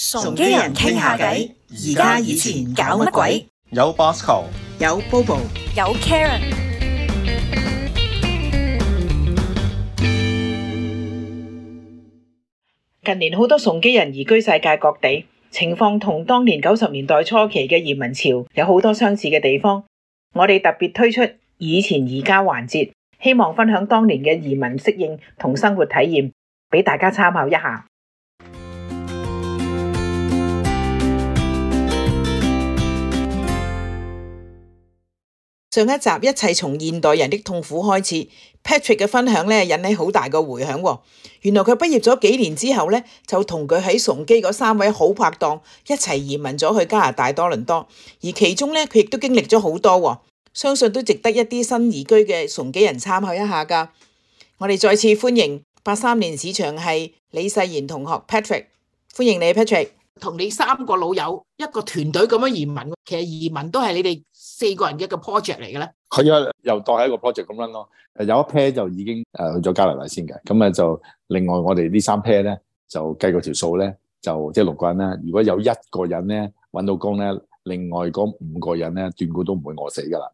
崇基人傾下偈，而家以前搞乜鬼？有 Bosco，有 Bobo，有 Karen。近年好多崇基人移居世界各地，情況同當年九十年代初期嘅移民潮有好多相似嘅地方。我哋特別推出以前移加環節，希望分享當年嘅移民適應同生活體驗，俾大家參考一下。上一集一切從現代人的痛苦開始，Patrick 嘅分享咧引起好大個迴響。原來佢畢業咗幾年之後咧，就同佢喺崇基嗰三位好拍檔一齊移民咗去加拿大多倫多。而其中咧，佢亦都經歷咗好多，相信都值得一啲新移居嘅崇基人參考一下㗎。我哋再次歡迎八三年市場系李世賢同學 Patrick，歡迎你 Patrick，同你三個老友一個團隊咁樣移民。其實移民都係你哋，四個人嘅一個 project 嚟嘅咧，佢啊，又當係一個 project 咁樣咯。有一 pair 就已經誒去咗加拿大先嘅，咁啊就另外我哋呢三 pair 咧就計個條數咧，就即係、就是、六個人咧，如果有一個人咧揾到工咧，另外嗰五個人咧斷估都唔會餓死噶啦。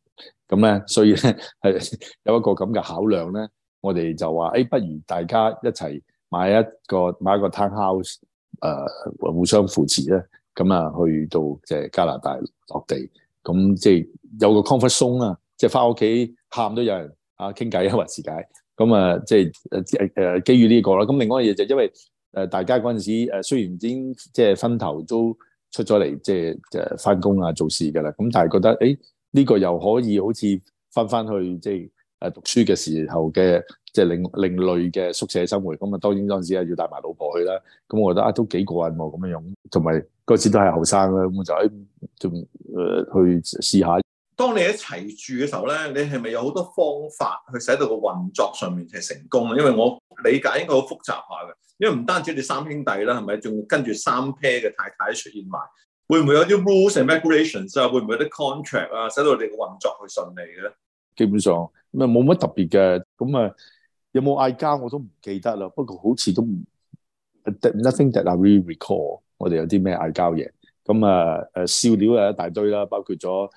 咁咧，所以咧係 有一個咁嘅考量咧，我哋就話誒、欸，不如大家一齊買一個買一個 townhouse，誒、呃、互相扶持咧，咁啊去到即係加拿大落地。咁即係有個 comfort zone 啊，即係翻屋企喊都有人啊傾偈啊，或是解咁啊，即、就、係、是啊啊、基於呢、這個啦。咁、啊、另外嘢就因為誒大家嗰陣時雖雖然已經即係分頭都出咗嚟、啊，即係誒翻工啊做事㗎啦。咁但係覺得誒呢、欸這個又可以好似翻翻去即係誒讀書嘅時候嘅即係另另類嘅宿舍生活。咁啊當然嗰陣時啊要帶埋老婆去啦。咁我覺得啊都幾過癮喎咁樣樣，同埋。嗰次都係後生啦，咁就喺仲誒去試下。當你一齊住嘅時候咧，你係咪有好多方法去使到個運作上面係成功咧？因為我理解應該好複雜下嘅，因為唔單止你三兄弟啦，係咪仲跟住三 pair 嘅太太出現埋，會唔會有啲 rules and regulations 啊？會唔會有啲 contract 啊？使到你嘅運作去順利嘅咧？基本上咁啊，冇乜特別嘅，咁啊有冇嗌交我都唔記得啦。不過好似都唔 nothing that I really recall。我哋有啲咩嗌交嘢，咁啊誒笑料啊一大堆啦，包括咗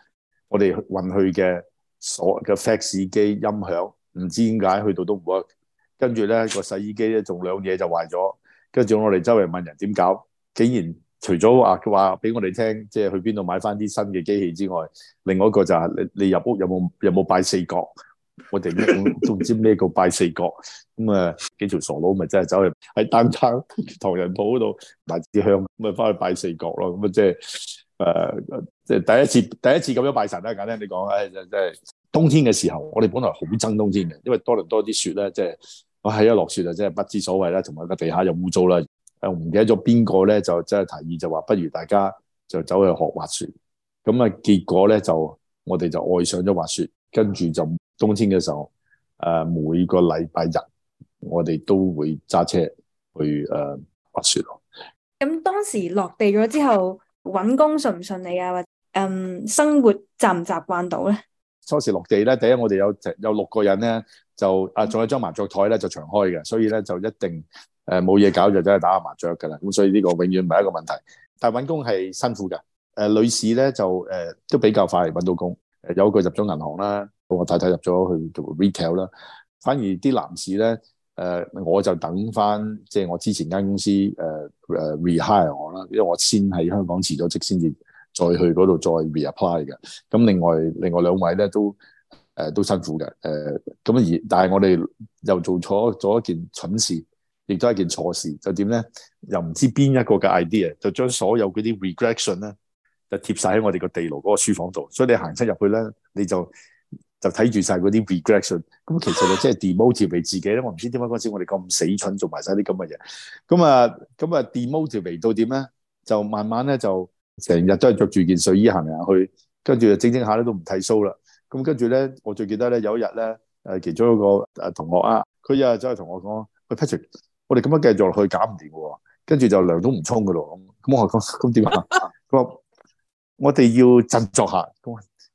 我哋運去嘅所謂嘅 fax 機、音響，唔知點解去到都唔 work。跟住咧個洗衣機咧，仲兩嘢就壞咗。跟住我哋周圍問人點搞，竟然除咗啊話俾我哋聽，即係去邊度買翻啲新嘅機器之外，另外一個就係你你入屋有冇有冇擺四角？ 我哋都唔知咩叫拜四角咁啊，幾條傻佬咪真係走去喺丹餐唐人鋪嗰度買支香，咪翻去拜四角咯。咁啊，即係誒，即係第一次第一次咁樣拜神啦。簡單啲講，誒，即係冬天嘅時候，我哋本來好憎冬天嘅，因為多倫多啲雪咧，即係我喺一落雪就真係不知所謂啦，同埋個地下又污糟啦。誒，唔記得咗邊個咧，就真係提議就話不如大家就走去學滑雪。咁啊，結果咧就我哋就愛上咗滑雪，跟住就。冬天嘅時候，誒、呃，每個禮拜日我哋都會揸車去誒、呃、滑雪咯。咁當時落地咗之後，揾工順唔順利啊？或誒、嗯，生活習唔習慣到咧？初時落地咧，第一我哋有有六個人咧，就啊仲有張麻雀台咧就長開嘅，所以咧就一定誒冇嘢搞就真係打下麻雀噶啦。咁所以呢個永遠唔係一個問題。但揾工係辛苦嘅。誒、呃，女士咧就誒、呃、都比較快揾到工。有個入咗銀行啦。我太太入咗去做 retail 啦，反而啲男士咧，誒，我就等翻，即係我之前間公司誒誒 rehire 我啦，因為我先喺香港辭咗職，先至再去嗰度再 reapply 嘅。咁另外另外兩位咧都誒、呃、都辛苦嘅，誒咁而但係我哋又做錯咗一件蠢事，亦都係一件錯事，就點咧？又唔知邊一個嘅 idea，就將所有嗰啲 regression 咧，就貼晒喺我哋個地牢嗰個書房度，所以你行出入去咧，你就，就睇住晒嗰啲 regression，咁其實你即係 demotivate 自己咧，我唔知點解嗰陣時我哋咁死蠢做埋晒啲咁嘅嘢，咁啊咁啊 demotivate 到點咧？就慢慢咧就成日都係着住件睡衣行嚟行去，跟住就整整下咧都唔剃鬚啦。咁跟住咧，我最記得咧有一日咧，誒其中一個誒同學啊，佢又走去同我講：「喂，Patrick，我哋咁樣繼續落去搞唔掂喎。」跟住就涼都唔沖㗎咯。咁咁我講咁點啊？佢話我哋要振作下。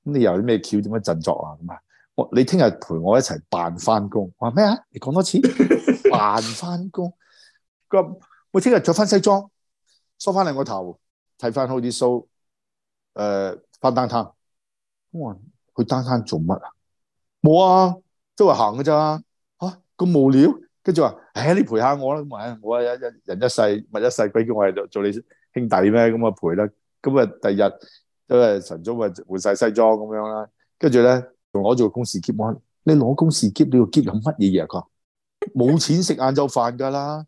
咁你又有啲咩橋？點樣振作啊？咁啊，我你聽日陪我一齊扮翻工。話咩啊？你講多次扮翻工。咁我聽日着翻西裝，梳翻靚個頭，剃翻好啲鬚。誒、呃，翻 downtown。咁我去 downtown 做乜啊？冇啊，周圍行㗎咋吓？咁無聊，跟住話誒，你陪下我啦。咁啊，我一一人一世，物一世，鬼叫我做做你兄弟咩？咁啊陪啦。咁啊，第日。佢晨早咪換晒西裝咁樣啦，跟住咧仲攞住個公事券，我話，你攞公事券，你個券有乜嘢嘢？佢話冇錢食晏晝飯㗎啦，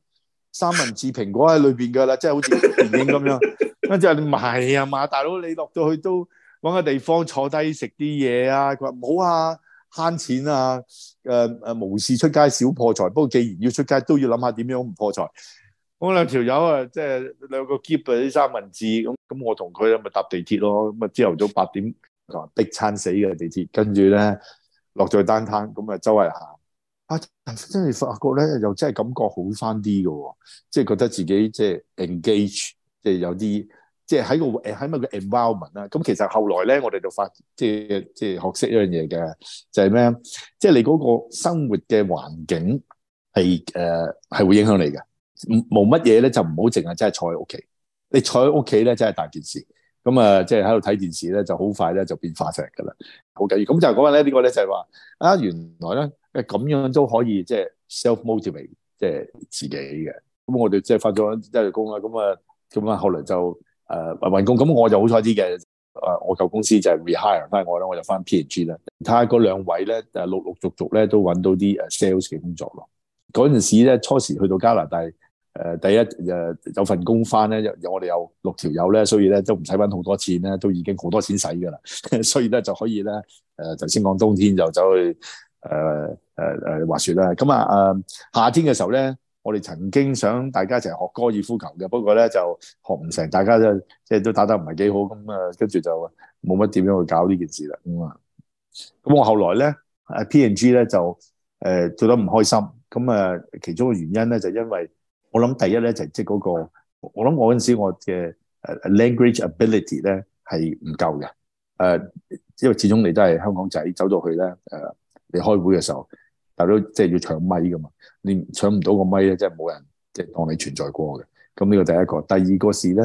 三文治、蘋果喺裏邊㗎啦，即係好似電影咁樣。跟住 你唔係啊嘛，大佬，你落到去都揾個地方坐低食啲嘢啊。佢話冇啊，慳錢啊，誒、呃、誒，無事出街少破財。不過既然要出街，都要諗下點樣唔破財。我兩條友啊，即係兩個夾啊啲三文治咁，咁我同佢咪搭地鐵咯。咁啊，朝頭早八點，逼餐死嘅地鐵。跟住咧落咗去單攤，咁啊周圍行。啊，但真係發覺咧，又真係感覺好翻啲嘅。即係覺得自己即係 engage，即係有啲即係喺個喺乜嘅 environment 啦。咁其實後來咧，我哋就發即係即係學識一樣嘢嘅，就係咩？即係你嗰個生活嘅環境係誒係會影響你嘅。冇乜嘢咧，就唔好淨係真係坐喺屋企。你坐喺屋企咧，真係大件事。咁啊，即係喺度睇電視咧，就好快咧就變化石㗎啦。好緊要，咁就係講咧呢、這個咧就係、是、話啊，原來咧咁樣都可以即係、就是、self motivate，即係自己嘅。咁我哋即係發咗一雷工啦。咁啊咁啊，後來就誒、呃、運工。咁我就好彩啲嘅。我舊公司就 rehire 翻我啦，我就翻 P&G 啦。其他嗰兩位咧，誒、就是、陸陸續續咧都揾到啲 sales 嘅工作咯。嗰陣時咧，初時去到加拿大。誒，第一誒有份工返咧，我哋有六條友咧，所以咧都唔使搵好多錢咧，都已經好多錢使噶啦。所以咧就可以咧誒，就先講冬天就走去誒誒誒滑雪啦。咁啊誒夏天嘅時候咧，我哋曾經想大家一齊學高爾夫球嘅，不過咧就學唔成，大家都即係都打得唔係幾好，咁啊跟住就冇乜點樣去搞呢件事啦。咁啊，咁我後來咧誒 P&G 咧就誒做、呃、得唔開心，咁啊其中嘅原因咧就因為。我諗第一咧就係即嗰個，我諗我嗰陣時我嘅 language ability 咧係唔夠嘅，誒，因為始終你都係香港仔走到去咧，誒，你開會嘅時候，大家都即係要搶咪噶嘛，你搶唔到個咪咧，即係冇人即係當你存在過嘅。咁呢個第一個，第二個事咧，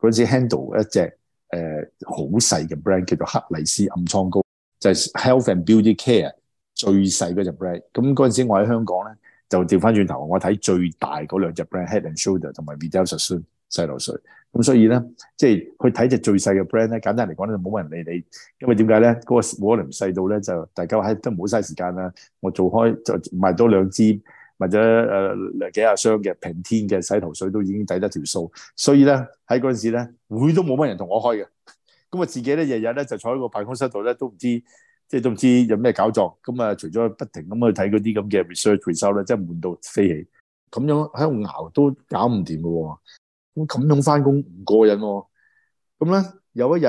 嗰陣時 handle 一隻誒好細嘅 brand 叫做克麗斯暗瘡膏，就係、是、health and beauty care 最細嗰隻 brand。咁嗰陣時我喺香港咧。就調翻轉頭，我睇最大嗰兩隻 brand Head and Shoulder 同埋 Meadows Sun 洗頭水。咁所以咧，即係去睇隻最細嘅 brand 咧，簡單嚟講咧就冇乜人理你，因為點解咧？嗰、嗰個可能細到咧就大家喺都唔好嘥時間啦。我做開就賣多兩支或者誒幾廿箱嘅平天嘅洗頭水都已經抵得條數。所以咧喺嗰陣時咧會都冇乜人同我開嘅。咁我自己咧日日咧就坐喺個辦公室度咧都唔知。即係都唔知有咩搞作，咁啊除咗不停咁去睇嗰啲咁嘅 research result 咧，即係悶到飛起，咁樣喺度熬都搞唔掂嘅。咁樣翻工唔過癮。咁咧有一日，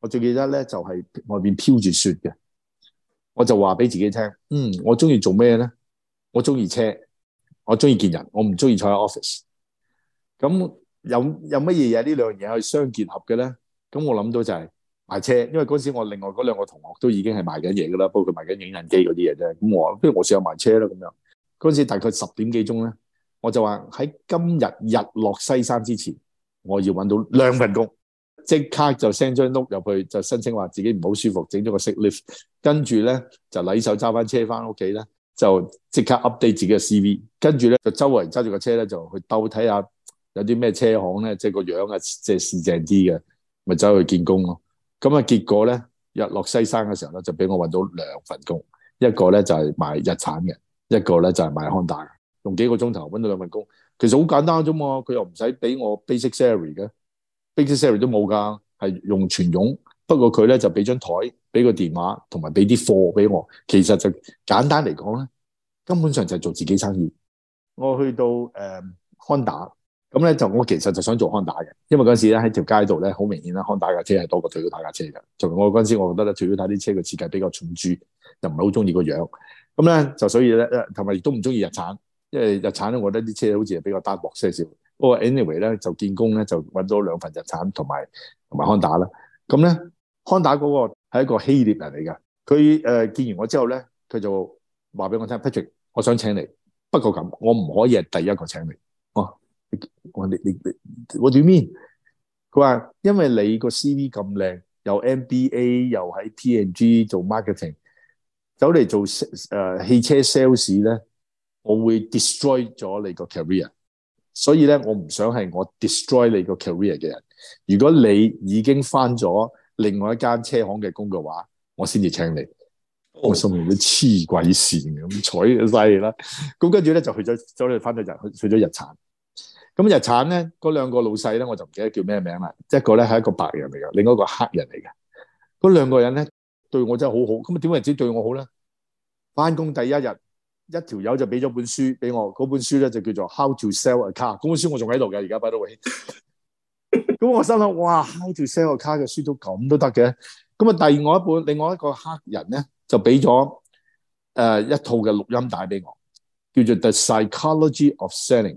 我最記得咧就係外邊飄住雪嘅，我就話俾自己聽：嗯，我中意做咩咧？我中意車，我中意見人，我唔中意坐喺 office。咁有有乜嘢嘢呢兩樣嘢去相結合嘅咧？咁我諗到就係、是。賣車，因為嗰時我另外嗰兩個同學都已經係賣緊嘢噶啦，不過佢賣緊影印機嗰啲嘢啫。咁我，譬如我試下賣車啦，咁樣嗰時大概十點幾鐘咧，我就話喺今日日落西山之前，我要搵到兩份工，即刻就 send 張 note 入去，就申請話自己唔好舒服，整咗個 sick leave 跟住咧就禮手揸翻車翻屋企咧，就即刻 update 自己嘅 cv，跟住咧就周圍揸住個車咧就去兜睇下有啲咩車行咧，即係個樣啊，即係市正啲嘅，咪走去見工咯。咁啊，結果咧日落西山嘅時候咧，就俾我搵到兩份工，一個咧就係賣日產嘅，一個咧就係賣康達嘅。用幾個鐘頭搵到兩份工，其實好簡單啫嘛。佢又唔使俾我 basic salary 嘅，basic salary 都冇㗎，係用全傭。不過佢咧就俾張台、俾個電話同埋俾啲貨俾我。其實就簡單嚟講咧，根本上就係做自己生意。我去到誒康達。呃 Honda，咁咧就我其實就想做康打嘅，因為嗰時咧喺條街度咧好明顯啦，康打架車係多過 Toyota 架車嘅。同埋我嗰陣時，我覺得咧 Toyota 啲車個設計比較蠢豬，又唔係好中意個樣。咁咧就所以咧，同埋亦都唔中意日產，因為日產咧我覺得啲車好似係比較單薄些少。不過 anyway 咧，就見工咧就搵到兩份日產同埋同埋康打啦。咁咧康打嗰個係一個希臘人嚟噶，佢誒見完我之後咧，佢就話俾我聽 Patrick，我想請你，不過咁我唔可以係第一個請你。我你你你我點 mean？佢話因為你個 C V 咁靚，又 M B A 又喺 P N G 做 marketing，走嚟做誒、呃、汽車 sales 咧，我會 destroy 咗你個 career。所以咧，我唔想係我 destroy 你個 career 嘅人。如果你已經翻咗另外一間車行嘅工嘅話，我先至請你。我心諗，啲黐鬼線咁彩晒啦。咁跟住咧就去咗，走嚟返翻咗日去去咗日產。咁日產咧，嗰兩個老細咧，我就唔記得叫咩名啦。一個咧係一個白人嚟嘅，另外一個黑人嚟嘅。嗰兩個人咧對我真係好好。咁啊，點解只對我好咧？翻工第一日，一條友就俾咗本書俾我，嗰本書咧就叫做 How car，在在 《How to Sell a Car》。嗰本書我仲喺度嘅，而家擺到維。咁我心諗，哇，《How to Sell a Car》嘅書都咁都得嘅。咁啊，第二外一本，另外一個黑人咧就俾咗誒一套嘅錄音帶俾我，叫做《The Psychology of Selling》。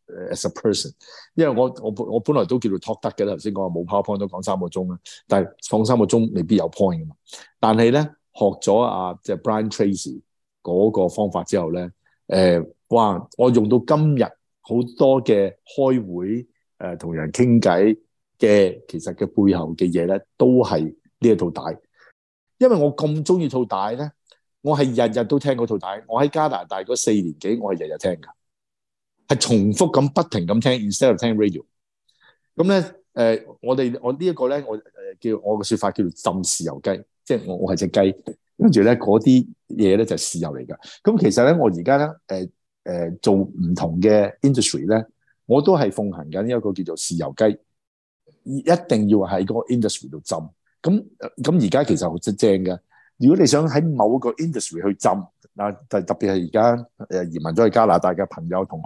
as a person，因為我我我本來都叫做 talk 得嘅啦，頭先講冇 power point 都講三個鐘啦，但係放三個鐘未必有 point 噶嘛。但係咧學咗啊，即係 Brian Tracy 嗰個方法之後咧，誒哇！我用到今日好多嘅開會誒同人傾偈嘅，其實嘅背後嘅嘢咧，都係呢一套帶。因為我咁中意套帶咧，我係日日都聽嗰套帶。我喺加拿大嗰四年幾，我係日日聽㗎。係重複咁不停咁聽，instead of 聽 radio。咁咧，誒，我哋我呢一個咧，我誒叫我嘅說法叫做浸豉油雞，即係我我係隻雞，跟住咧嗰啲嘢咧就豉油嚟噶。咁其實咧，我而家咧，誒誒做唔同嘅 industry 咧，我都係奉行緊一個叫做豉油雞，一定要喺嗰個 industry 度浸。咁咁而家其實好正嘅。如果你想喺某個 industry 去浸，嗱，特特別係而家誒移民咗去加拿大嘅朋友同學。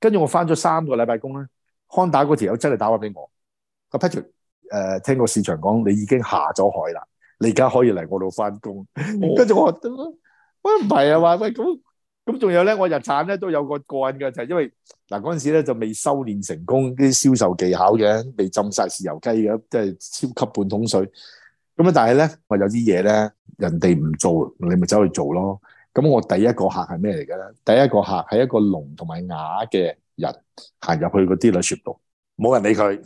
跟住我翻咗三個禮拜工咧，康打嗰條友真係打話俾我，個 Patrick 誒、呃、聽個市場講你已經下咗海啦，你而家可以嚟我度翻工。跟住、哦、我得、哎，喂唔係啊話喂咁咁，仲有咧我日產咧都有個個案嘅，就係、是、因為嗱嗰陣時咧就未修煉成功啲銷售技巧嘅，未浸晒豉油雞嘅，即係超級半桶水。咁啊，但係咧我有啲嘢咧，人哋唔做，你咪走去做咯。咁我第一個客係咩嚟嘅咧？第一個客係一個聾同埋啞嘅人行入去嗰啲女舖度，冇人理佢，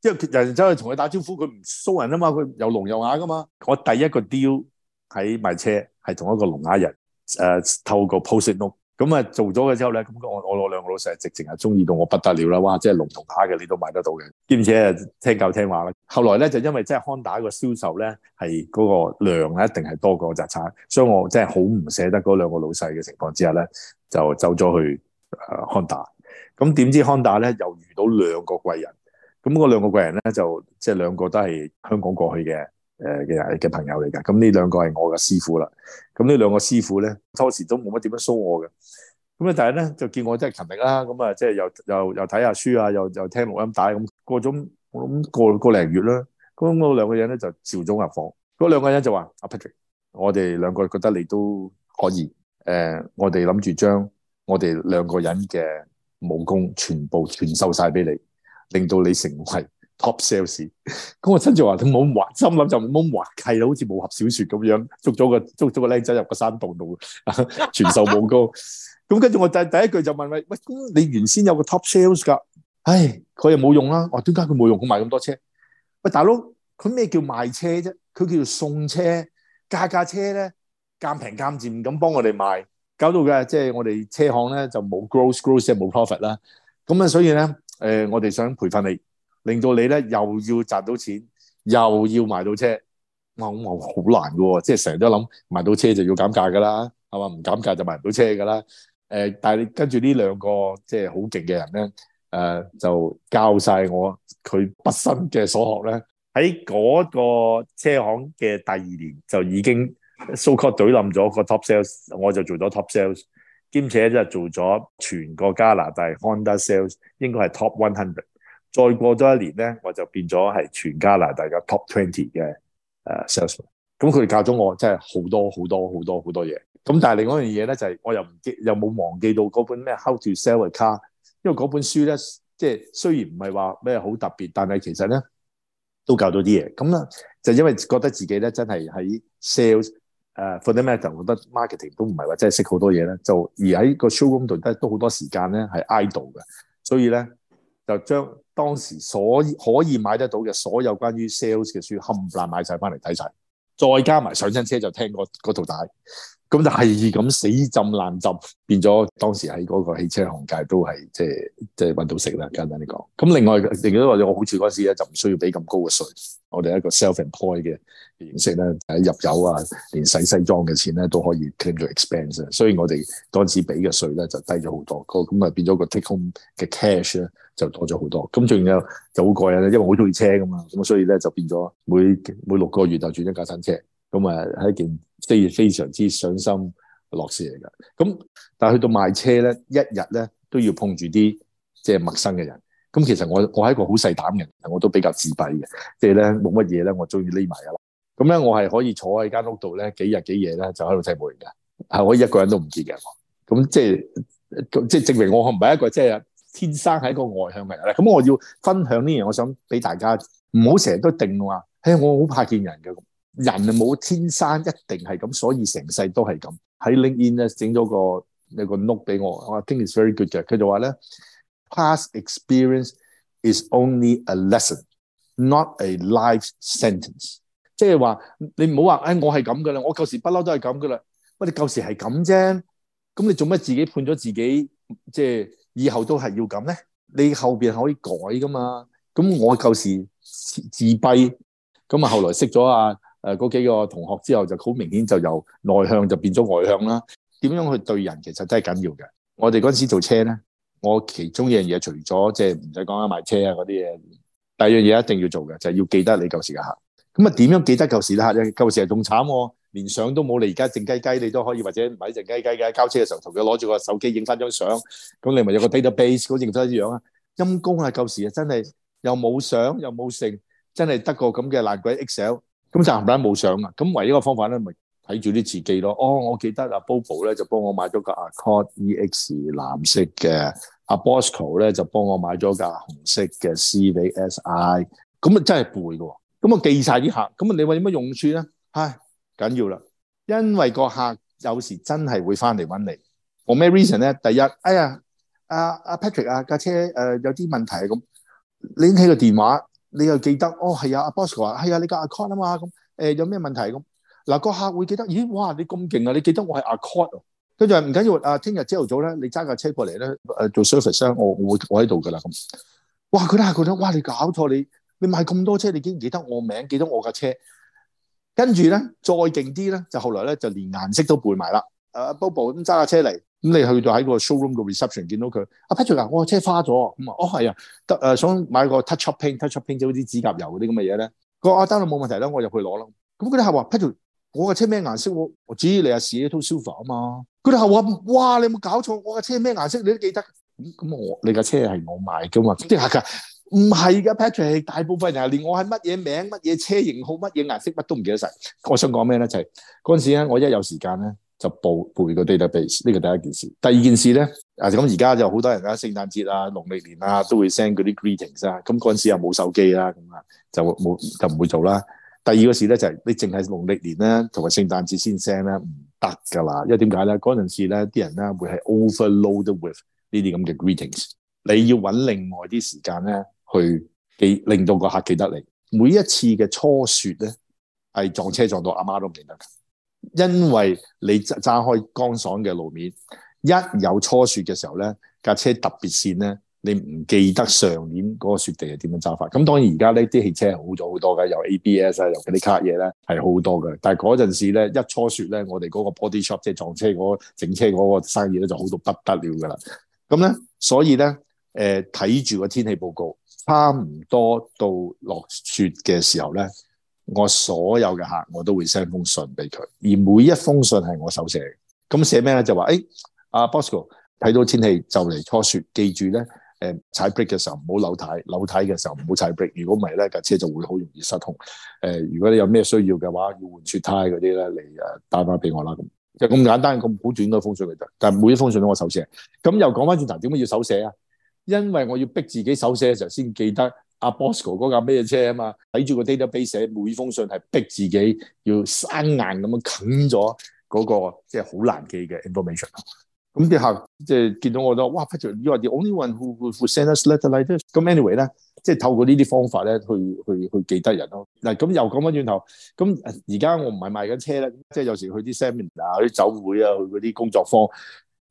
即係人走去同佢打招呼，佢唔騷人啊嘛，佢又聾又啞噶嘛。我第一個 deal 喺賣車係同一個聾啞人，啊、透過 post note。咁啊，做咗嘅之後咧，咁我我我兩個老細直情係中意到我不得了啦，哇！即係龍同蝦嘅，你都買得到嘅，兼且聽教聽話啦。後來咧就因為即係康打個銷售咧，係嗰個量咧一定係多過集產，所以我真係好唔捨得嗰兩個老細嘅情況之下咧，就走咗去誒康打。咁點知康打咧又遇到兩個貴人，咁嗰兩個貴人咧就即係兩個都係香港過去嘅。誒嘅嘅朋友嚟噶，咁呢兩個係我嘅師傅啦。咁呢兩個師傅咧，初時都冇乜點樣收我嘅。咁啊，但係咧就見我真係勤力啦。咁啊，即係又又又睇下書啊，又又,看看又,又聽錄音帶，咁、過咗，我諗過個零月啦。咁嗰兩個人咧就朝中入房，兩個人就話：阿 Patrick，我哋兩個覺得你都可以。誒、呃，我哋諗住將我哋兩個人嘅武功全部傳授晒俾你，令到你成為。top sales，咁我跟住話，你冇咁滑心諗就冇咁滑稽咯，好似武俠小說咁樣，捉咗個捉咗個靚仔入個山洞度，傳授武功。咁跟住我第第一句就問，喂喂，咁你原先有個 top sales 噶？唉，佢又冇用啦。我點解佢冇用？佢賣咁多車？喂，大佬，佢咩叫賣車啫？佢叫送車，架架車咧，鑒平鑒賤，咁幫我哋賣，搞到嘅即係我哋車行咧就冇 growth growth 即係冇 profit 啦。咁啊，所以咧，誒，我哋想培訓你。令到你咧又要賺到錢，又要賣到車，哇！咁我好難嘅喎，即係成日都諗賣到車就要減價嘅啦，係嘛？唔減價就賣唔到車嘅啦。誒，但係你跟住呢兩個即係好勁嘅人咧，誒就教晒我佢畢生嘅所學咧。喺嗰個車行嘅第二年就已經 so-called 堆冧咗個 top sales，我就做咗 top sales，兼且即係做咗全個加拿大 Honda sales，應該係 top one hundred。再過多一年咧，我就變咗係全加拿大嘅 Top 20嘅誒 salesman 咁佢哋教咗我真係好多好多好多好多嘢。咁但係另外一樣嘢咧就係、是、我又唔記又冇忘記到嗰本咩 How to Sell A Car。因為嗰本書咧即係雖然唔係話咩好特別，但係其實咧都教到啲嘢。咁咧就因為覺得自己咧真係喺 sales 誒 for the matter 我覺得 marketing 都唔係話真係識好多嘢咧，就而喺個 showroom 度都好多時間咧係 idle 嘅，所以咧。就將當時所可以買得到嘅所有關於 sales 嘅書冚爛買晒翻嚟睇曬，再加埋上親車就聽嗰嗰套帶，咁就係咁死浸爛浸，變咗當時喺嗰個汽車行界都係即係即係搵到食啦。簡單啲講，咁另外另外都話我好似嗰時咧就唔需要俾咁高嘅稅，我哋一個 self-employed 嘅形式咧，入油啊，連洗西裝嘅錢咧都可以 claim 做 expense，所以我哋嗰陣時畀俾嘅稅咧就低咗好多個咁啊，變咗個 take home 嘅 cash 咧。就多咗好多，咁仲有就好過癮咧，因為我好中意車噶嘛，咁所以咧就變咗每每六個月就轉一架新車，咁啊係一件非常之上心嘅樂事嚟㗎。咁但係去到賣車咧，一日咧都要碰住啲即係陌生嘅人。咁其實我我係一個好細膽人，我都比較自閉嘅，即係咧冇乜嘢咧，我中意匿埋啦，咁咧我係可以坐喺間屋度咧，幾日幾夜咧就喺度睇模型嘅，係可以一個人都唔見嘅。咁即係即係證明我唔係一個即係。天生係一個外向嘅人咧，咁我要分享呢樣，我想俾大家唔好成日都定話，嘿、哎，我好怕見人嘅。人冇天生一定係咁，所以成世都係咁。喺 LinkedIn 咧整咗個一個 note 俾我，我話 think is very good 嘅，佢就話咧，past experience is only a lesson，not a life sentence。即係話你唔好話，哎，我係咁噶啦，我舊時不嬲都係咁噶啦。喂，你舊時係咁啫，咁你做咩自己判咗自己？即係。以後都係要咁咧，你後邊可以改噶嘛？咁我舊時自閉，咁啊後來識咗啊嗰幾個同學之後，就好明顯就由內向就變咗外向啦。點樣去對人其實真係緊要嘅。我哋嗰陣時做車咧，我其中、就是、一樣嘢除咗即係唔使講啊賣車啊嗰啲嘢，第二樣嘢一定要做嘅就係、是、要記得你舊時嘅客。咁啊點樣記得舊時嘅客咧？舊時係仲慘。連相都冇，靜雞雞你而家靜雞雞你都可以，或者唔係靜雞雞嘅，交車嘅時候同佢攞住個手機影翻張相，咁你咪有個 database 好似咁樣啊？陰公啊，舊時啊，真係又冇相又冇剩，真係得個咁嘅爛鬼 Excel，咁就唔得冇相啊！咁唯一,一個方法咧，咪睇住啲字記咯。哦，我記得阿 Bobo 咧就幫我買咗架 Accord EX 藍色嘅，阿 Bosco 咧就幫我買咗架紅色嘅 Civic SI，咁啊真係背喎。咁啊記晒啲客，咁啊你話有乜用處咧？緊要啦，因為個客有時真係會翻嚟揾你。我咩 reason 咧？第一，哎呀，阿阿 Patrick 啊，架、啊啊、車誒、呃、有啲問題啊咁。拎起個電話，你又記得哦，係啊，阿 Bosco 話係啊，你架 Accord 啊嘛咁。誒、呃，有咩問題咁？嗱、啊，個客會記得，咦哇，你咁勁啊！你記得我係 Accord，跟住唔緊要，啊，聽日朝頭早咧，你揸架車過嚟咧，誒、呃，做 service 我我會我喺度噶啦咁。哇，佢都係覺得，哇，你搞錯你，你賣咁多車，你竟然記得我名，記得我架車。跟住咧，再勁啲咧，就後來咧，就連顏色都背埋啦。誒、uh，Bobo 咁揸架車嚟，咁你去到喺個 showroom 個 reception 見到佢，阿 Patrick、oh, 啊，我架車花咗，咁啊，哦係啊，得誒想買個 touch up pink touch up pink 即係嗰啲指甲油嗰啲咁嘅嘢咧。個阿丹 o 冇問題啦，我入去攞啦。咁佢哋係話 Patrick，我架車咩顏色？我我知你阿 Sir 呢套 sofa 啊嘛。佢哋係話：哇，你有冇搞錯，我架車咩顏色？你都記得？咁咁我你架車係我買，咁嘛。」啲客。唔係㗎，Patrick，大部分人係連我係乜嘢名、乜嘢車型號、乜嘢顏色，乜都唔記得晒。我想講咩咧？就係嗰陣時咧，我一有時間咧，就補背個 database。呢個第一件事。第二件事咧，啊咁而家就好多人啦，聖誕節啊、農曆年啊，都會 send 嗰啲 greetings 啊。咁嗰陣時又冇手機啦，咁啊就冇就唔會做啦。第二個事咧就係你淨係農曆年咧同埋聖誕節先 send 咧，唔得㗎啦。因為點解咧？嗰陣時咧啲人咧會係 overload with 呢啲咁嘅 greetings。你要揾另外啲時間咧。去記，令到個客記得你，每一次嘅初雪咧，係撞車撞到阿媽，媽都唔認得噶因為你揸開乾爽嘅路面，一有初雪嘅時候咧，架車特別跣咧，你唔記得上年嗰個雪地係點樣揸法。咁當然而家呢啲汽車好咗好多㗎，有 ABS 啊，有嗰啲卡嘢咧，係好多㗎。但係嗰陣時咧，一初雪咧，我哋嗰個 body shop 即係撞車嗰、那個、整車嗰個生意咧就好到不得了噶啦。咁咧，所以咧，誒睇住個天氣報告，差唔多到落雪嘅時候咧，我所有嘅客我都會 send 封信俾佢，而每一封信係我手寫嘅。咁寫咩咧？就話誒，阿、欸啊、Bosco 睇到天氣就嚟初雪，記住咧，誒踩 brake 嘅時候唔好扭軚，扭軚嘅時候唔好踩 brake。如果唔係咧，架車就會好容易失控。誒、呃，如果你有咩需要嘅話，要換雪胎嗰啲咧，你誒帶翻俾我啦。咁就咁簡單，咁好短嘅封信嚟嘅。但係每一封信都我手寫。咁又講翻轉頭，點解要手寫啊？因為我要逼自己手寫嘅時候先記得阿 Bosco 嗰架咩車啊嘛，睇住個 database 寫每一封信係逼自己要生硬咁樣啃咗嗰個即係好難記嘅 information。咁啲客即係見到我都說，哇，Patrick，you are the only one who who send us letter like this。咁 anyway 咧，即係透過呢啲方法咧去去去記得人咯。嗱，咁又講翻轉頭，咁而家我唔係賣緊車咧，即係有時去啲 Seminar、啲酒會啊，去嗰啲工作坊。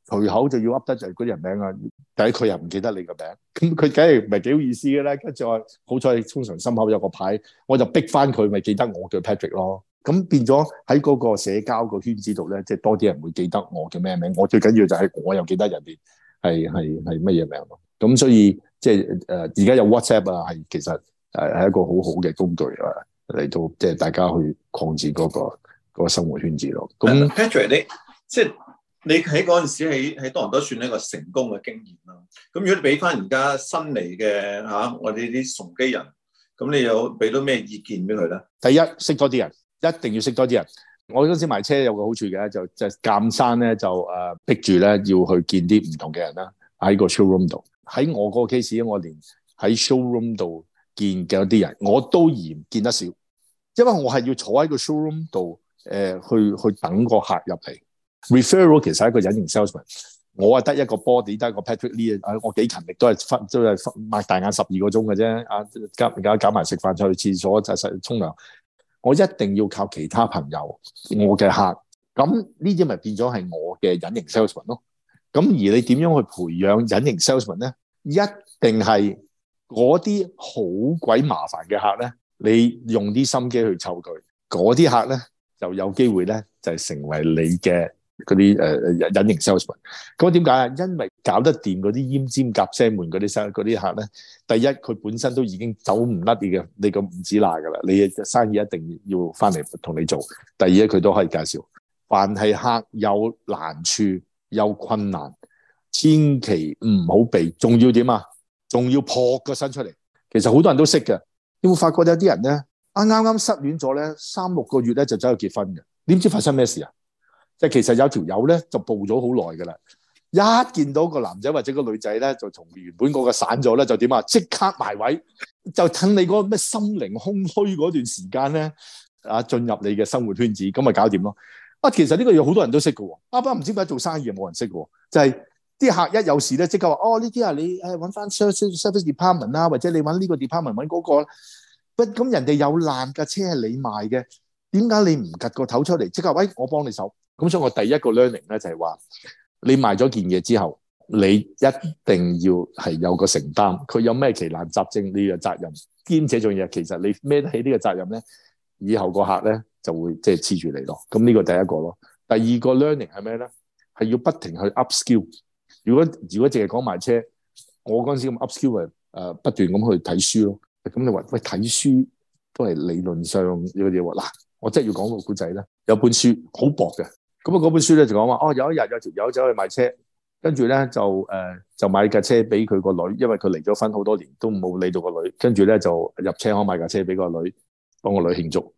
隨口就要噏得就嗰人名啊！但係佢又唔記得你個名，咁佢梗係唔係幾好意思嘅咧？跟住好彩，你通常心口有個牌，我就逼翻佢，咪記得我叫 Patrick 咯。咁變咗喺嗰個社交個圈子度咧，即係多啲人會記得我叫咩名。我最緊要就係我又記得人哋係係係乜嘢名咯。咁所以即係誒，而家有 WhatsApp 啊，係其實係一個好好嘅工具啊，嚟到即係大家去擴展嗰個嗰個生活圈子咯。咁 Patrick，你即係你喺嗰陣時喺喺多倫多算一個成功嘅經驗啦。咁如果你俾翻而家新嚟嘅嚇，我哋啲崇基人，咁你有俾到咩意見俾佢咧？第一，識多啲人，一定要識多啲人。我嗰陣時賣車有個好處嘅，就就係、監生咧就誒、啊、逼住咧要去見啲唔同嘅人啦。喺個 showroom 度，喺我個 case，我連喺 showroom 度見嘅啲人我都嫌見得少，因為我係要坐喺個 showroom 度誒、呃、去去等個客入嚟。referral 其實係一個隱形 salesman，我係得一個 body，得一個 Patrick Lee 我幾勤力都係翻，都係擘大眼十二個鐘嘅啫。啊，而家搞埋食飯就去廁所就洗沖涼。我一定要靠其他朋友，我嘅客咁呢啲咪變咗係我嘅隱形 salesman 咯。咁而你點樣去培養隱形 salesman 咧？一定係嗰啲好鬼麻煩嘅客咧，你用啲心機去湊佢，嗰啲客咧就有機會咧就係成為你嘅。嗰啲誒誒隱形 salesman，咁點解啊？因為搞得掂嗰啲奄尖腥悶嗰啲生啲客咧，第一佢本身都已經走唔甩你嘅，你個五指賴㗎啦，你嘅生意一定要返翻嚟同你做。第二咧，佢都可以介紹。凡係客有難處、有困難，千祈唔好避。仲要點啊？仲要撲個身出嚟。其實好多人都識嘅，你會發覺有啲人咧啱啱啱失戀咗咧，三六個月咧就走去結婚嘅。點知發生咩事啊？即係其實有條友咧就暴咗好耐噶啦，一見到個男仔或者個女仔咧就同原本嗰個散咗咧就點啊即刻埋位，就趁你個咩心靈空虛嗰段時間咧啊進入你嘅生活圈子，咁咪搞掂咯。啊，其實呢個嘢好多人都識噶，啱啱唔知點解做生意又冇人識噶，就係、是、啲客一有事咧即刻話哦呢啲啊你誒搵翻 service department 啦、啊，或者你搵呢個 department 搵嗰、那個，不咁人哋有爛架車係你賣嘅。點解你唔擳個頭出嚟即刻？喂、哎，我幫你手咁，所以我第一個 learning 咧就係話，你賣咗件嘢之後，你一定要係有個承擔，佢有咩奇難雜症，呢個責任兼且仲要其實你孭得起呢個責任咧，以後個客咧就會即係黐住你咯。咁呢個係第一個咯，第二個 learning 係咩咧？係要不停去 upskill。如果如果淨係講埋車，我嗰陣時咁 upskill 咪誒、呃、不斷咁去睇書咯。咁你話喂睇書都係理論上呢個嘢喎嗱。我真係要講個故仔咧，有本書好薄嘅，咁啊嗰本書咧就講話，哦有一日有條友走去買車，跟住咧就誒、呃、就買架車俾佢個女，因為佢離咗婚好多年都冇理到個女，跟住咧就入車行買架車俾個女，幫個女慶祝。咁、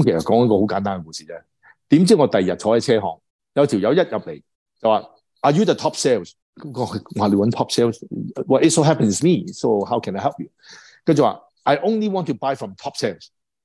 嗯、其實講一個好簡單嘅故事啫。點知我第二日坐喺車行，有條友一入嚟就話：Are you the top sales？我話你揾 top sales。What is so happens me？So how can I help you？跟住話：I only want to buy from top sales。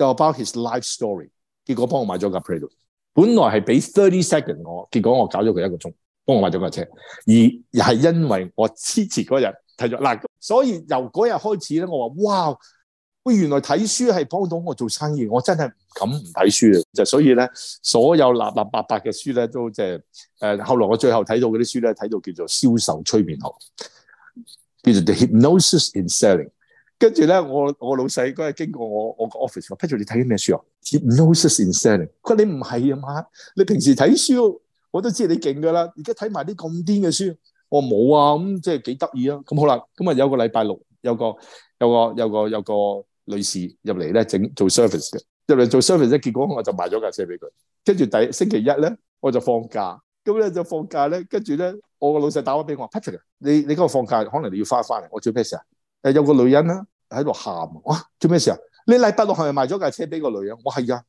就 about his life story，結果幫我買咗架 Prado。本來係俾 thirty second 我，結果我搞咗佢一個鐘，幫我買咗架車。而係因為我之前嗰日睇咗嗱，所以由嗰日開始咧，我話哇，我原來睇書係幫到我做生意，我真係唔敢唔睇書啊！就所以咧，所有立立八八嘅書咧、就是，都即係誒。後來我最後睇到嗰啲書咧，睇到叫做銷售催眠學，叫做 The Hypnosis in Selling。跟住咧，我我老細嗰日經過我我個 office，我 Patrick，你睇啲咩書啊？hypnosis in selling。佢話你唔係啊嘛，你平時睇書，我都知你勁噶啦。而家睇埋啲咁癲嘅書，我冇啊。咁即係幾得意啊。咁、嗯、好啦，咁啊有個禮拜六，有個有個有個有個,有個女士入嚟咧，整做 service 嘅，入嚟做 service 咧，結果我就賣咗架車俾佢。跟住第星期一咧，我就放假，咁咧就放假咧，跟住咧我個老細打翻俾我，Patrick，你你今日放假，可能你要翻翻嚟，我做咩事啊？誒有個女人啦喺度喊，哇做咩事啊？你禮拜六係咪賣咗架車俾個女人？我係呀。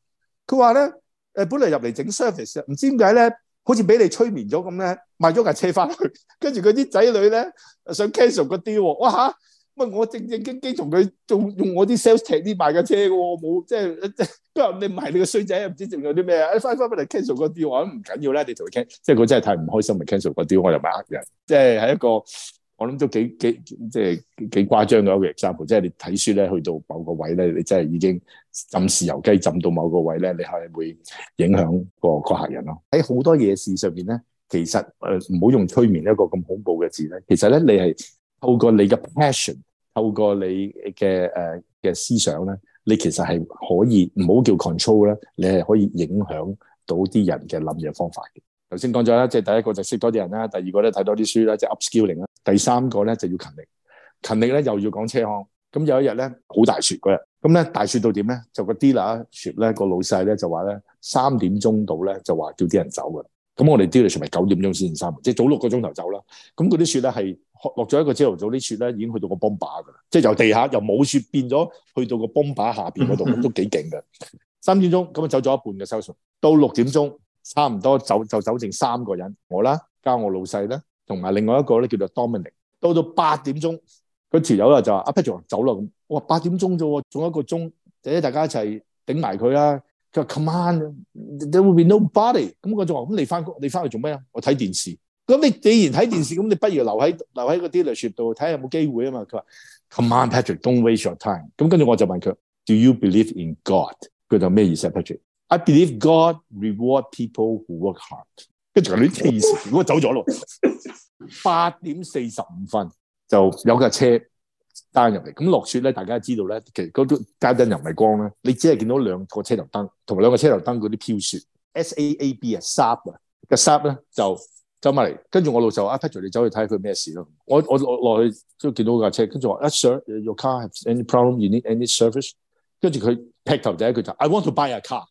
佢話咧誒，本嚟入嚟整 service，唔知點解咧，好似俾你催眠咗咁咧，賣咗架車翻去，跟住佢啲仔女咧想 cancel 個 deal 喎、啊，哇嚇、啊！我正正經經同佢仲用我啲 sales take 啲賣架車嘅、啊、喎，冇即係即係，不如你唔係你個衰仔，又唔知仲有啲咩啊？翻翻翻嚟 cancel 個 deal，我諗唔緊要啦，你同佢傾，即係佢真係太唔開心咪 cancel 個 deal，我又唔係呃人，即係係一個。我諗都幾幾即係幾誇張嘅一個 example，即係你睇書咧，去到某個位咧，你真係已經浸豉油雞浸到某個位咧，你係會影響個個客人咯。喺好、嗯、多嘢事上邊，咧，其實唔好、呃、用催眠一個咁恐怖嘅字咧，其實咧你係透過你嘅 passion，透過你嘅嘅、uh, 思想咧，你其實係可以唔好叫 control 咧，你係可以影響到啲人嘅諗嘢方法嘅。頭先講咗啦，即係第一個就識多啲人啦，第二個咧睇多啲書啦，即係 upskilling 啦，illing，第三個咧就要勤力，勤力咧又要講車行。咁有一日咧好大雪嗰日，咁咧大雪到點咧？就個 dealer 咧個老細咧就話咧三點鐘到咧就話叫啲人走噶啦。咁我哋 dealer 咪九點鐘先收，即係早六個鐘頭走啦。咁嗰啲雪咧係落咗一個朝頭早啲雪咧已經去到個崩把噶啦，即係由地下又冇雪變咗去到個崩把下面邊嗰度都幾勁㗎。三點鐘咁啊走咗一半嘅 sales 到六點鐘。差唔多就走就走剩三個人，我啦，加我老細啦，同埋另外一個咧叫做 Dominic。到到八點鐘，條友啦，就話 Patrick 走啦咁。我話八點鐘啫喎，仲有一個鐘，大家一齊頂埋佢啦。佢話 come on there will be nobody。咁我就話咁你翻去你翻嚟做咩啊？我睇電視。咁你既然睇電視，咁你不如留喺留喺個 dealership 度睇下有冇機會啊嘛。佢話 come on Patrick，don't waste your time。咁跟住我就問佢，do you believe in God？佢就咩意思啊？Patrick？I believe God reward people who work hard、 就是。跟住佢話啲咩意思？如果走咗咯，八點四十五分就有架車單入嚟。咁落雪咧，大家知道咧，其實嗰啲街燈又唔係光咧，你只係見到兩個車頭燈同埋兩個車頭燈嗰啲飄雪。S A A B 啊 s a p 啊，個 s a p 咧就走埋嚟。跟住我老豆，啊 Patrick 你走去睇佢咩事咯？我我落落去都見到架車。跟住我：Sir, your car has any problem？You need any service？跟住佢劈頭第一句佢就：I want to buy a car。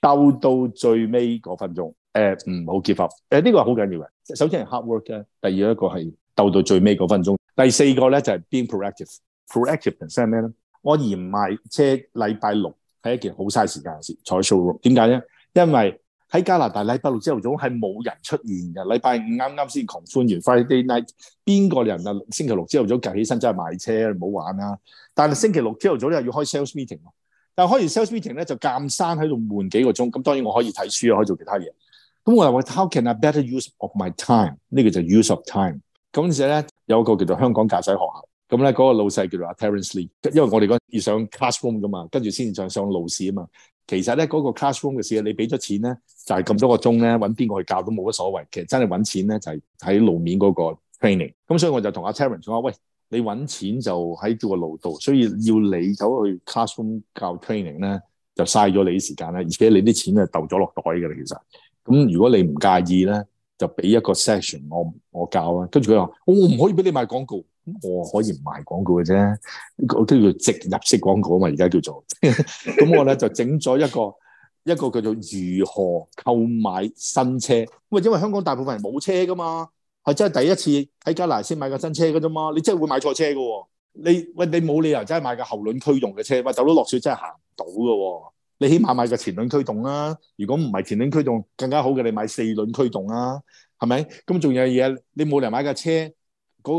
鬥到最尾嗰分鐘，誒唔好 give up。v 呢、呃呢個係好緊要嘅。首先係 hard work 咧，第二一個係鬥到最尾嗰分鐘，第四個咧就係、是、being proactive。proactive s e 係咩咧？我嫌賣車禮拜六係一件好嘥時間嘅事，彩 showroom 點解咧？因為喺加拿大禮拜六朝頭早係冇人出現嘅。禮拜五啱啱先狂歡完 Friday night，邊個人啊？星期六朝頭早夾起身真係買車，唔好玩啦、啊。但係星期六朝頭早又要開 sales meeting。但可以 salesmeeting 咧就鑑山喺度悶幾個鐘，咁當然我可以睇書啊，可以做其他嘢。咁我又會 how can I better use of my time？呢個就係 use of time。咁時咧有個叫做香港駕駛學校，咁咧嗰個老細叫做阿 Terence Lee，因為我哋嗰時要上 classroom 噶嘛，跟住先至上上路試啊嘛。其實咧嗰個 classroom 嘅事你俾咗錢咧就係咁多個鐘咧，搵邊個去教都冇乜所謂。其實真係揾錢咧就係喺路面嗰個 training。咁所以我就同阿 Terence 講話喂。你揾錢就喺做個路度，所以要你走去 classroom 教 training 咧，就嘥咗你啲時間咧，而且你啲錢啊，竇咗落袋喇。其實。咁如果你唔介意咧，就俾一個 session 我我教啦。跟住佢話：我、哦、唔可以俾你賣廣告，我可以唔賣廣告嘅啫。呢個叫植入式廣告啊嘛，而家叫做。咁我咧就整咗一個 一個叫做如何購買新車。因為香港大部分人冇車噶嘛。係真係第一次喺加拿大先買架新車嘅啫嘛？你真係會買錯車嘅喎、哦！你喂你冇理由真係買架後輪驅動嘅車，喂到咗落雪真係行唔到嘅喎！你起碼買架前輪驅動啦、啊。如果唔係前輪驅動更加好嘅，你買四輪驅動啦、啊，係咪？咁仲有嘢，你冇理由買架車嗰、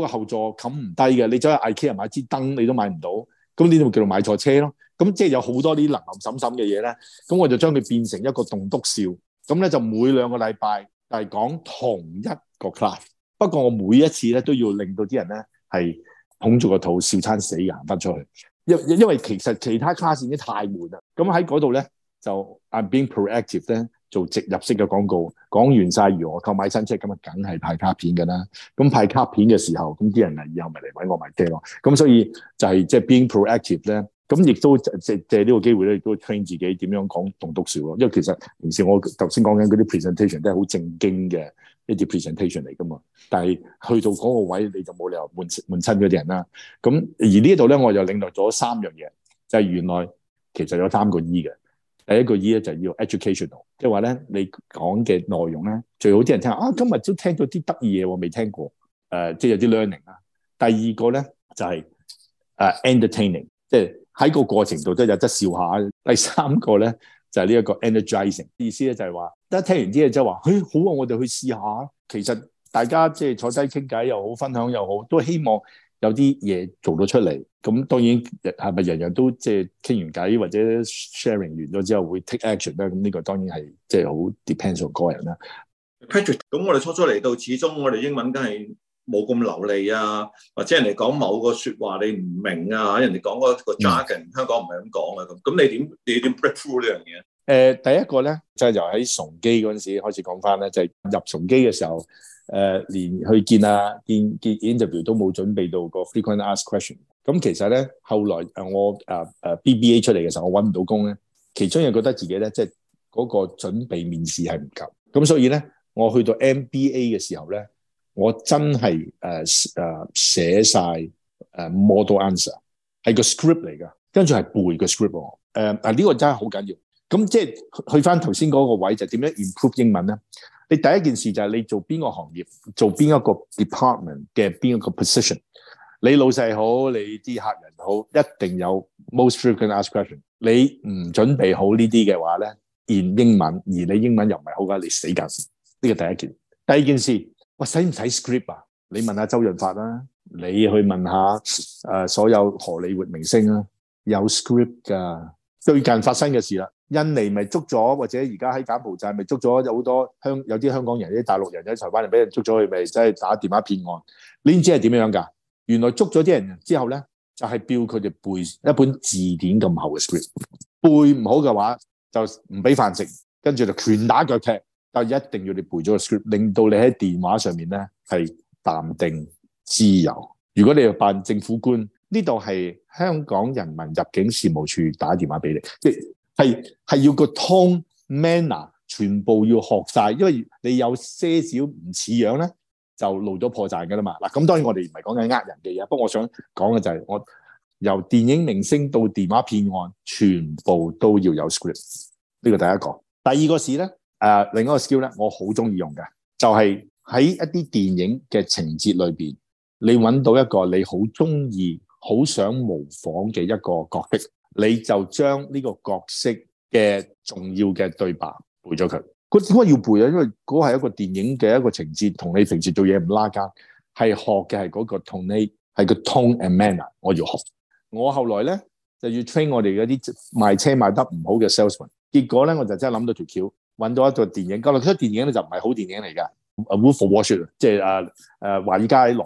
那個後座冚唔低嘅，你走去 IKEA 買支燈你都買唔到，咁呢度咪叫做買錯車咯？咁即係有好多啲零零揾揾嘅嘢咧，咁我就將佢變成一個棟篤笑。咁咧就每兩個禮拜就係講同一個 class。不過我每一次咧都要令到啲人咧係捧住個肚笑餐死行翻出去，因因為其實其他卡片已經太悶啦。咁喺嗰度咧就 I'm being proactive 咧做植入式嘅廣告，講完晒。如果我購買新車，咁咪梗係派卡片嘅啦。咁派卡片嘅時候，咁啲人啊以後咪嚟揾我買機咯。咁所以就係即係 being proactive 咧，咁亦都借借呢個機會咧，亦都 train 自己點樣講棟篤笑咯。因為其實平時我頭先講緊嗰啲 presentation 都係好正經嘅。一啲 presentation 嚟㗎嘛，但係去到嗰個位你就冇理由悶悶親啲人啦。咁而呢度咧，我又領略咗三樣嘢，就係、是、原來其實有三個 E 嘅。第一個 E 咧就要 educational，即係話咧你講嘅內容咧最好啲人聽啊，今日都聽到啲得意嘢，我未聽過。即、呃、係、就是、有啲 learning 啦。第二個咧就係、是呃、entertaining，即係喺個過程度都有得笑下。第三個咧。就係呢一個 energizing 意思咧，就係話一聽完啲嘢即係話，誒、哎、好啊，我哋去試下。其實大家即係坐低傾偈又好，分享又好，都希望有啲嘢做到出嚟。咁當然係咪樣樣都即係傾完偈或者 sharing 完咗之後會 take action 咧？咁呢個當然係即係好 depends on 個人啦。Patrick，咁我哋初初嚟到，始終我哋英文梗係，冇咁流利啊，或者人哋講某個說話你唔明啊，人哋講嗰個 jargon，、嗯、香港唔係咁講啊，咁咁你點你點 break through 呢樣嘢啊？第一個咧就係、是、由喺崇基嗰陣時開始講翻咧，就係、是、入崇基嘅時候、呃，連去見啊見 interview 都冇準備到個 frequent ask question。咁、嗯、其實咧後來我、呃呃、BBA 出嚟嘅時候，我揾唔到工咧，其中又覺得自己咧即係嗰個準備面試係唔夠，咁所以咧我去到 MBA 嘅時候咧。我真係誒誒寫晒誒 model answer 係個 script 嚟噶，跟住係背個 script 喎。誒、呃、啊，呢個真係好緊要。咁即係去翻頭先嗰個位就點樣 improve 英文咧？你第一件事就係你做邊個行業，做邊一個 department 嘅邊一個 position，你老細好，你啲客人好，一定有 most frequent ask question。你唔準備好呢啲嘅話咧，言英文而你英文又唔係好噶，你死緊呢個第一件。第二件事。喂，使唔使 script 啊？你問下周潤發啦，你去問下誒、呃、所有荷里活明星啦，有 script 噶。最近發生嘅事啦，印尼咪捉咗，或者而家喺柬埔寨咪捉咗好多香，有啲香港人、啲大陸人喺台灣人，俾人捉咗去，咪即係打電話騙案。你知係點樣噶？原來捉咗啲人之後咧，就係叫佢哋背一本字典咁厚嘅 script，背唔好嘅話就唔俾飯食，跟住就拳打腳踢。但一定要你背咗個 script，令到你喺電話上面咧，係淡定自由。如果你要扮政府官，呢度係香港人民入境事務處打電話俾你，即係係要個 tone、manner，全部要學晒，因為你有些少唔似樣咧，就露咗破綻噶啦嘛。嗱，咁當然我哋唔係講緊呃人嘅嘢，不過我想講嘅就係、係、我由電影明星到電話騙案，全部都要有 script，呢個第一個。第二個事咧。誒、呃、另外一個 skill 咧，我好中意用嘅就係、是、喺一啲電影嘅情節裏面，你揾到一個你好中意、好想模仿嘅一個角色，你就將呢個角色嘅重要嘅對白背咗佢。佢點解要背啊？因為嗰係一個電影嘅一個情節，同你平時做嘢唔拉間，係學嘅係嗰個 tone，係個 tone and manner。我要學。我後來咧就要 train 我哋嗰啲賣車賣得唔好嘅 salesman。結果咧，我就真係諗到條橋。揾到一套電影，嗰、那、套、個、電影咧就唔係好電影嚟㗎。Wolf of 是《w w 即係啊誒，啊《華爾街狼人》誒、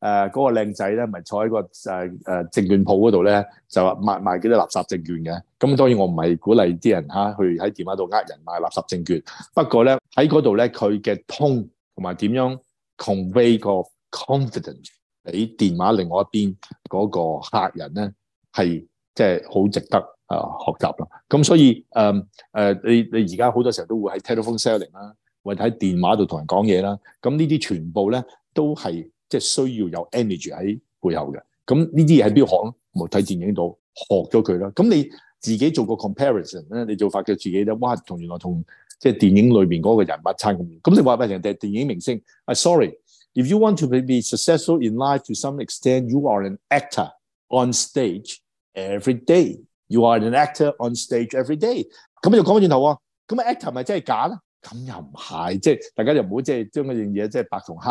啊，嗰、那個靚仔咧，咪、就是、坐喺個誒誒、啊啊、證券鋪嗰度咧，就話賣賣幾多垃圾證券嘅。咁當然我唔係鼓勵啲人吓去喺電話度呃人賣垃圾證券。不過咧喺嗰度咧，佢嘅通同埋點樣 convey 個 confidence 喺電話另外一邊嗰個客人咧，係即係好值得。啊，學習啦，咁所以誒、嗯呃、你你而家好多時候都會喺 telephone selling 啦，或者喺電話度同人講嘢啦，咁呢啲全部咧都係即係需要有 energy 喺背後嘅，咁呢啲嘢喺邊度學咯？冇睇電影度學咗佢啦，咁你自己做個 comparison 咧，你就發覺自己咧，哇，同原來同即係電影裏面嗰個人物差咁遠，咁你話唔係成日電影明星？啊，sorry，if you want to be successful in life to some extent，you are an actor on stage every day。You are an actor on stage every day。咁就講翻轉頭喎，咁啊 actor 咪真係假咧？咁又唔係，即係大家就唔好即係將嗰樣嘢即係白同黑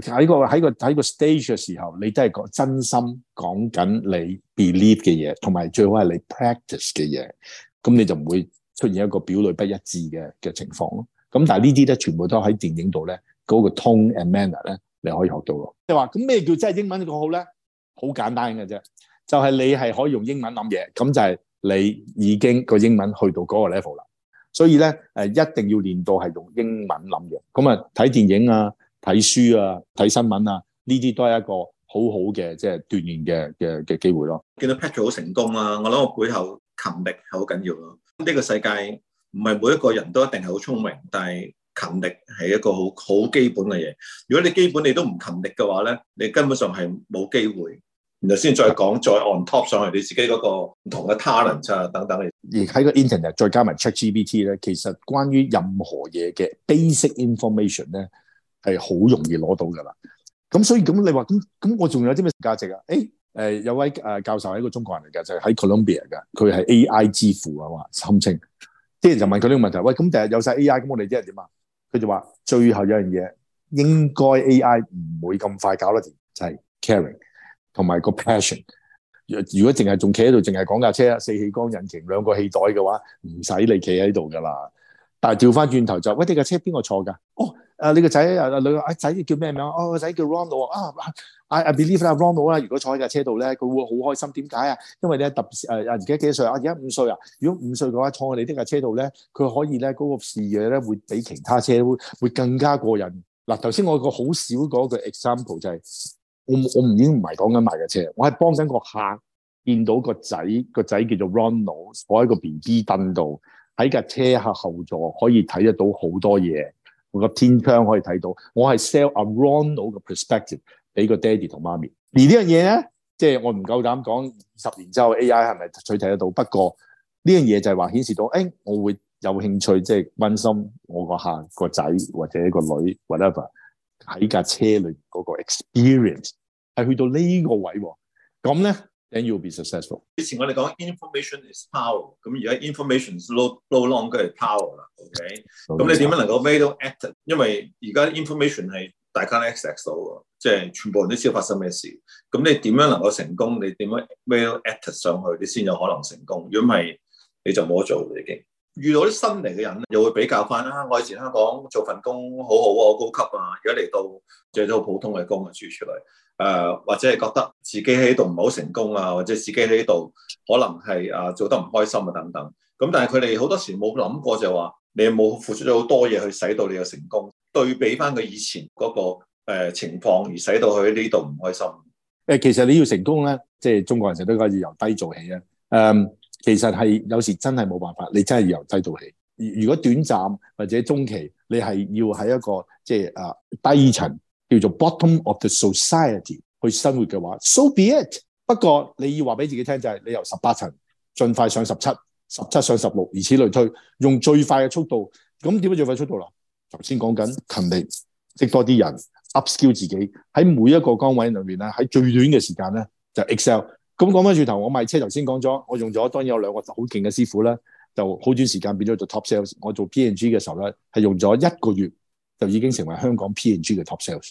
喺個喺個喺個 stage 嘅時候，你真係講真心講緊你 believe 嘅嘢，同埋最好係你 practice 嘅嘢。咁你就唔會出現一個表裏不一致嘅嘅情況咯。咁但係呢啲咧，全部都喺電影度咧嗰個 tone and manner 咧，你可以學到咯。即係話，咁咩叫真係英文講好咧？好簡單嘅啫。就係你係可以用英文諗嘢，咁就係你已經個英文去到嗰個 level 啦。所以咧，誒一定要練到係用英文諗嘢。咁啊，睇電影啊、睇書啊、睇新聞啊，呢啲都係一個好好嘅即係鍛鍊嘅嘅嘅機會咯。見到 Patrick 好成功啊，我諗我背後勤力係好緊要咯。呢個世界唔係每一個人都一定係好聰明，但係勤力係一個好好基本嘅嘢。如果你基本你都唔勤力嘅話咧，你根本上係冇機會。然後先再講，再 on top 上去你自己嗰個唔同嘅 talent 啊等等，而喺個 internet 再加埋 ChatGPT 咧，其實關於任何嘢嘅 basic information 咧係好容易攞到噶啦。咁所以咁你話咁咁，我仲有啲咩價值啊？誒、欸、誒，有位誒教授係一個中國人嚟嘅，就係、是、喺 Columbia 嘅，佢係 AI 之父啊嘛，堪稱。啲人就問佢呢個問題，喂，咁第日有晒 AI，咁我哋啲人點啊？佢就話最後一樣嘢，應該 AI 唔會咁快搞得掂，就係、是、caring。同埋個 passion，如果淨係仲企喺度，淨係講架車四氣缸引擎兩個氣袋嘅話，唔使你企喺度噶啦。但係調翻轉頭就，喂，你架車邊個坐噶？哦，誒，你個仔啊，女個仔叫咩名？哦，個仔叫 Ronald 啊、I believe 阿 Ronald，如果坐喺架車度咧，佢會好開心。點解啊？因為咧特別誒，而家幾多歲啊？而家五歲啊。如果五歲嘅話坐喺你呢架車度咧，佢可以咧嗰個視野咧會比其他車會會更加過癮。嗱，頭先我個好少嗰個 example 就係。我我唔已經唔係講緊賣架車，我係幫緊個客見到個仔，個仔叫做 Ronald 我喺個 B.B. 凳度，喺架車客後座可以睇得到好多嘢，我個天窗可以睇到。我係 sell a Ronald 嘅 perspective 俾個爹哋同媽咪。而呢樣嘢咧，即係我唔夠膽講十年之後 A.I. 係咪取替得到？不過呢樣嘢就係話顯示到，誒、哎，我會有興趣，即係溫心我個客個仔或者個女 whatever 喺架車裏嗰個 experience。係去到呢個位，咁咧，then you'll be successful。以前我哋講 information is power，咁而家 information no no longer 係 power 啦，okay?OK，咁你點樣能夠 made 到 act？因為而家 information 係大家都 access 到嘅，即係全部人都知道發生咩事。咁你點樣能夠成功？你點樣 make 到 act 上去？你先有可能成功。如果唔係，你就冇得做已經。遇到啲新嚟嘅人，又會比較翻啦。我以前香港做份工好好啊，高級啊，而家嚟到做咗普通嘅工嘅轉出嚟。誒或者係覺得自己喺度唔好成功啊，或者自己喺度可能係啊做得唔開心啊等等。咁但係佢哋好多時冇諗過就話，你有冇付出咗好多嘢去使到你嘅成功，對比翻佢以前嗰個誒情況而使到佢喺呢度唔開心。誒，其實你要成功咧，即係中國人成日都講要由低做起啊。誒，其實係有時真係冇辦法，你真係要由低做起。如如果短暫或者中期，你係要喺一個即係啊低層。叫做 bottom of the society 去生活嘅話，so be it。不過你要話俾自己聽就係、是，你由十八層盡快上十七，十七上十六，以此類推，用最快嘅速度。咁點樣最快速度啦？頭先講緊勤力，識多啲人，upskill 自己喺每一個崗位裏面咧，喺最短嘅時間咧就 excel。咁講翻轉頭，我賣車頭先講咗，我用咗當然有兩個好勁嘅師傅咧，就好短時間變咗做 top sales。我做 P&G 嘅時候咧，係用咗一個月就已經成為香港 P&G 嘅 top sales。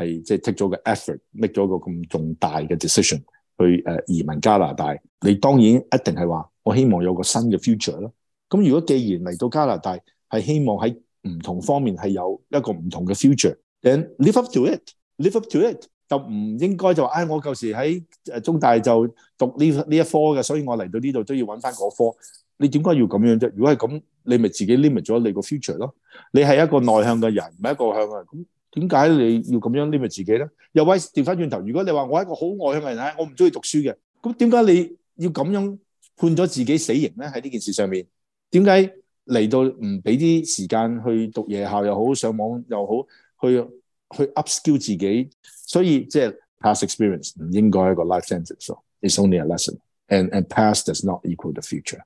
係即係 take 咗個 effort，make 咗個咁重大嘅 decision 去誒移民加拿大。你當然一定係話，我希望有個新嘅 future 咯。咁如果既然嚟到加拿大，係希望喺唔同方面係有一個唔同嘅 future，then live up to it，live up to it 就唔應該就話，唉，我舊時喺誒中大就讀呢呢一科嘅，所以我嚟到呢度都要揾翻嗰科。你點解要咁樣啫？如果係咁，你咪自己 limit 咗你個 future 咯。你係一個內向嘅人，唔係一個外向嘅人咁。點解你要咁樣自己呢？咪自己咧又威掉翻轉頭。如果你話我係一個好外向嘅人咧，我唔中意讀書嘅咁，點解你要咁樣判咗自己死刑咧？喺呢件事上面，點解嚟到唔俾啲時間去讀夜校又好，上網又好，去去 upskill 自己？所以即係 past experience 唔應該係個 life sentence。It's only a lesson，and and past does not equal the future。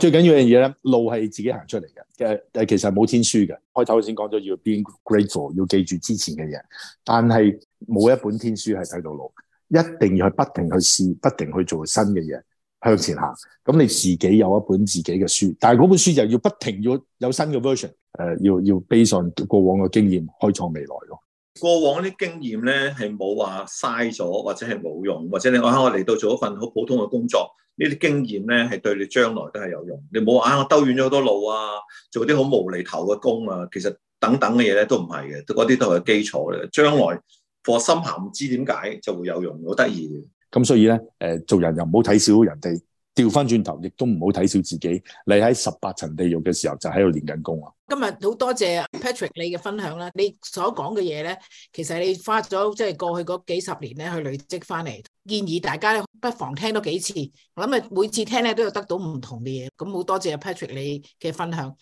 最緊要嘢咧，路係自己行出嚟嘅，嘅，但係其實冇天書嘅。開頭我先講咗要 being grateful，要記住之前嘅嘢，但係冇一本天書係睇到路，一定要去不停去試，不停去做新嘅嘢，向前行。咁你自己有一本自己嘅書，但係嗰本書就要不停要有新嘅 version，誒，要要 based on 過往嘅經驗開創未來咯。過往啲經驗咧係冇話嘥咗或者係冇用，或者你我喺我嚟到做一份好普通嘅工作，這些驗，呢啲經驗咧係對你將來都係有用。你冇話啊，我兜遠咗好多路啊，做啲好無厘頭嘅工啊，其實等等嘅嘢咧都唔係嘅，嗰啲都係基礎嘅。將來課心下唔知點解就會有用，好得意嘅。咁所以咧，誒，做人又唔好睇少人哋。調翻轉頭，亦都唔好睇小自己。你喺十八層地獄嘅時候，就喺度練緊功啊！今日好多謝 Patrick 你嘅分享啦。你所講嘅嘢咧，其實你花咗即係過去嗰幾十年咧去累積翻嚟。建議大家咧不妨聽多幾次。我諗啊，每次聽咧都有得到唔同嘅嘢。咁好多謝 Patrick 你嘅分享。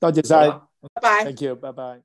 多謝曬，拜拜。Thank you，拜拜。